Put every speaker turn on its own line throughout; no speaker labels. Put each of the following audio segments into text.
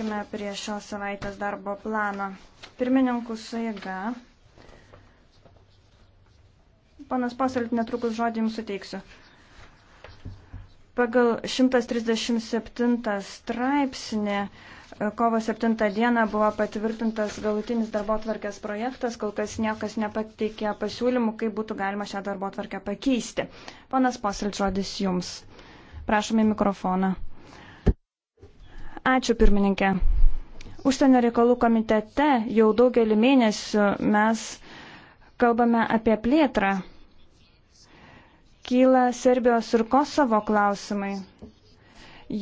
Kime prie šios savaitės darbo plano. Pirmininkų suėga. Panas Poselit, netrukus žodį jums suteiksiu. Pagal 137 straipsnį e, kovo 7 dieną buvo patvirtintas galutinis darbo tvarkės projektas, kol kas niekas nepateikė pasiūlymų, kaip būtų galima šią darbo tvarkę pakeisti. Panas Poselit, žodis jums. Prašome mikrofoną. Ačiū pirmininkė. Užsienio reikalų komitete jau daugelį mėnesių mes kalbame apie plėtrą. Kyla Serbijos ir Kosovo klausimai.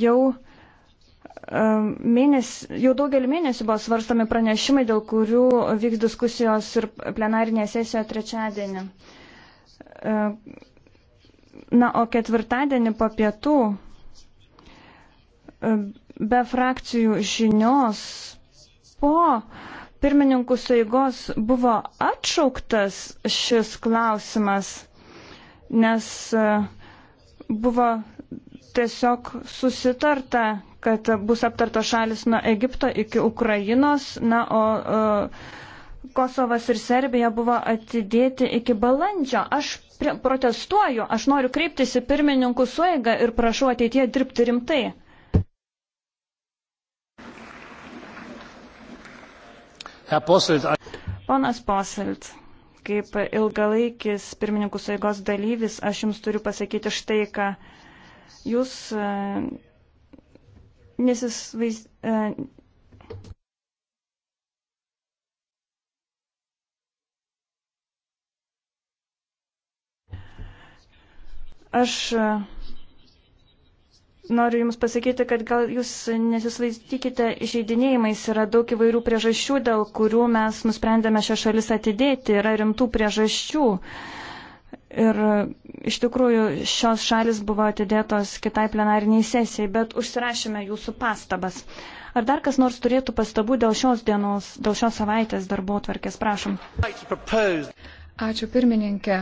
Jau um, mėnes, jau daugelį mėnesių buvo svarstomi pranešimai, dėl kurių vyks diskusijos ir plenarinė sesija trečiadienį. Uh, na, o ketvirtadienį po pietų uh, be frakcijų žinios po pirmininkų saigos buvo atšauktas šis klausimas, nes e, buvo tiesiog susitarta, kad bus aptarto šalis nuo Egipto iki Ukrainos, na, o, o e, Kosovas ir Serbija buvo atidėti iki balandžio. Aš protestuoju, aš noriu kreiptis į pirmininkų suėgą ir prašau ateitie dirbti rimtai. Ponas Poselt, kaip ilgalaikis pirmininkų saigos dalyvis, aš jums turiu pasakyti štai, ką jūs e, nesisvaiz... E, aš e, noriu Jums pasakyti, kad gal Jūs nesisvaistykite išeidinėjimais. Yra daug įvairių priežasčių, dėl kurių mes nusprendėme šią šalis atidėti. Yra rimtų priežasčių. Ir iš tikrųjų šios šalis buvo atidėtos kitai plenariniai sesijai, bet užsirašėme Jūsų pastabas. Ar dar kas nors turėtų pastabų dėl šios dienos, dėl šios savaitės darbo tvarkės, prašom. Ačiū pirmininkė.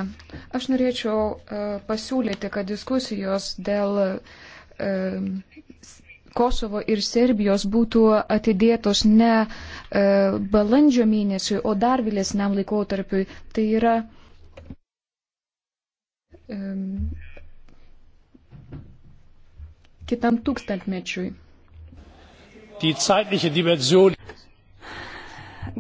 Aš norėčiau e, pasiūlyti, kad diskusijos dėl uh, Kosovo ir Serbijos būtų atidėtos ne e, balandžio mėnesiui, o dar vėlesniam laikotarpiui. Tai yra kitam tūkstantmečiui.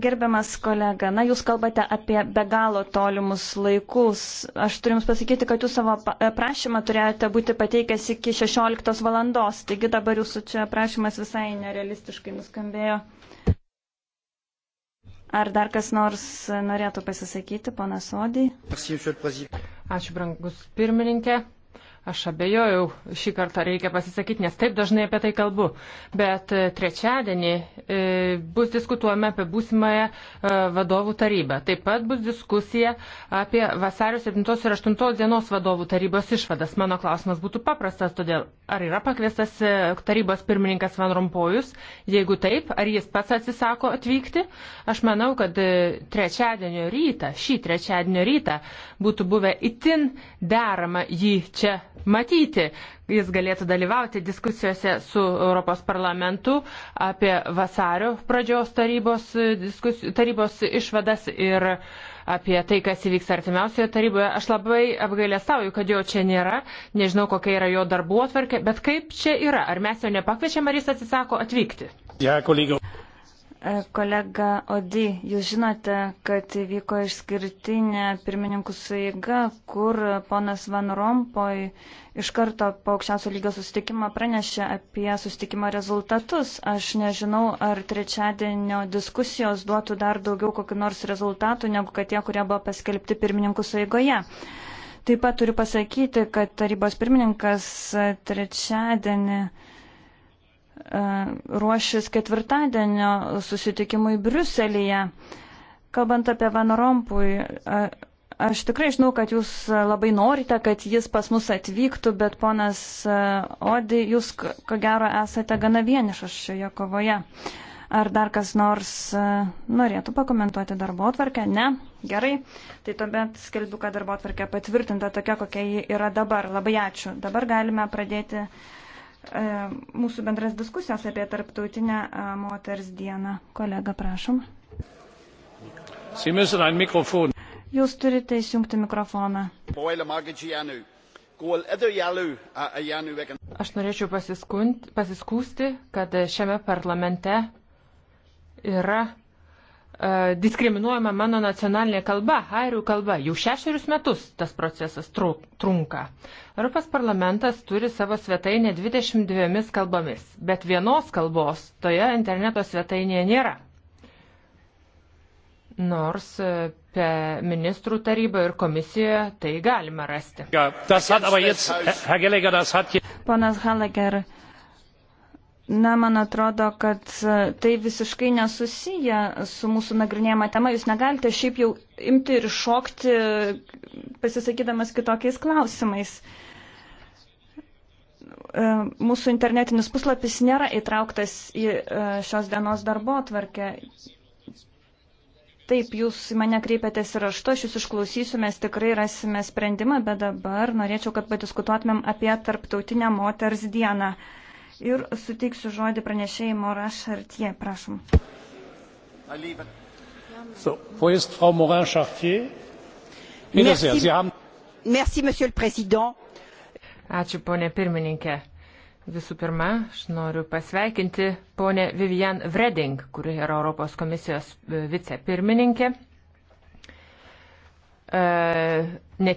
Gerbiamas kolega, na jūs kalbate apie be galo tolimus laikus. Aš turiu Jums pasakyti, kad Jūs savo prašymą turėjote būti pateikęs iki 16 valandos, taigi dabar Jūsų čia prašymas visai nerealistiškai nuskambėjo. Ar dar kas nors norėtų pasisakyti,
pana Sodį? Ačiū, brangus pirmininkė. Aš abejojau, šį kartą reikia pasisakyti, nes taip dažnai apie tai kalbu. Bet e, trečiadienį e, bus diskutuojama apie būsimąją e, vadovų tarybą. Taip pat bus diskusija apie vasario 7 ir 8 dienos vadovų tarybos išvadas. Mano klausimas būtų paprastas, todėl ar yra pakviestas tarybos pirmininkas Van Rompojus? Jeigu taip, ar jis pats atsisako atvykti? Aš manau, kad trečiadienio rytą, šį trečiadienio rytą būtų buvę itin derama jį čia matyti. Jis galėtų dalyvauti diskusijose su Europos parlamentu apie vasario pradžios tarybos, diskus, tarybos išvadas ir apie tai, kas įvyks artimiausioje taryboje. Aš labai apgailestauju, kad jo čia nėra, nežinau, kokia yra jo darbuotvarkė, bet kaip čia yra, ar mes jo nepakviečiam, ar jis atsisako atvykti. Ja, kolego. E,
kolega Odi, jūs žinote, kad vyko išskirtinė pirmininkų suiga, kur ponas Van Rompoj iš karto po aukščiausio lygio susitikimo pranešė apie susitikimo rezultatus. Aš nežinau, ar trečiadienio diskusijos duotų dar daugiau kokiu nors rezultatų, negu kad tie, kurie buvo paskelbti pirmininkų suigoje. Taip pat turiu pasakyti, kad tarybos pirmininkas trečiadienį E, ruošis ketvirtadienio susitikimui Briuselėje. Kalbant apie Van Rompui, aš tikrai žinau, kad jūs labai norite, kad jis pas mus atvyktų, bet ponas e, Odi, jūs ko gero esate gana vienišas šioje kovoje. Ar dar kas nors e, norėtų pakomentuoti darbo atvarkę? Ne? Gerai. Tai tuomet skelbiu, kad darbo atvarkė patvirtinta tokia, kokia ji yra dabar. Labai ačiū. Dabar galime pradėti. E, mūsų bendras diskusijos apie tarptautinę e, moters dieną. Kolega, prašom.
Jūs turite įsijungti mikrofoną.
Nu. Nu
Aš norėčiau pasiskūsti, kad šiame parlamente yra E, diskriminuojama mano nacionalinė kalba, airių kalba. Jau šešerius metus tas procesas trunka. Europos parlamentas turi savo svetainę 22 kalbomis, bet vienos kalbos toje interneto svetainėje nėra. Nors e, per ministrų tarybą ir komisiją tai galima rasti.
Ja, jetzt, Herr Gallagher,
Ponas Haleger, Na, man atrodo, kad e,
tai visiškai nesusiję su mūsų nagrinėjama tema. Jūs negalite šiaip jau imti ir šokti, pasisakydamas kitokiais klausimais. E, mūsų internetinis puslapis nėra įtrauktas į e, šios dienos darbo atvarkę. Taip, jūs į mane kreipiatės ir aš to, aš jūs išklausysiu, mes tikrai rasime sprendimą, bet dabar norėčiau, kad padiskutuotumėm apie Tarptautinę moters dieną. Uh, ir suteiksiu žodį pranešėjai Mora Šartie. Prašom. So, wo ist Frau Morin Chartier? Bitte sehr, Sie haben.
Merci, Monsieur le Président. Ačiū, ponė pirmininkė. Visų pirma, aš noriu pasveikinti ponę Vivian Vreding, kuri yra Europos komisijos e, vicepirmininkė. E,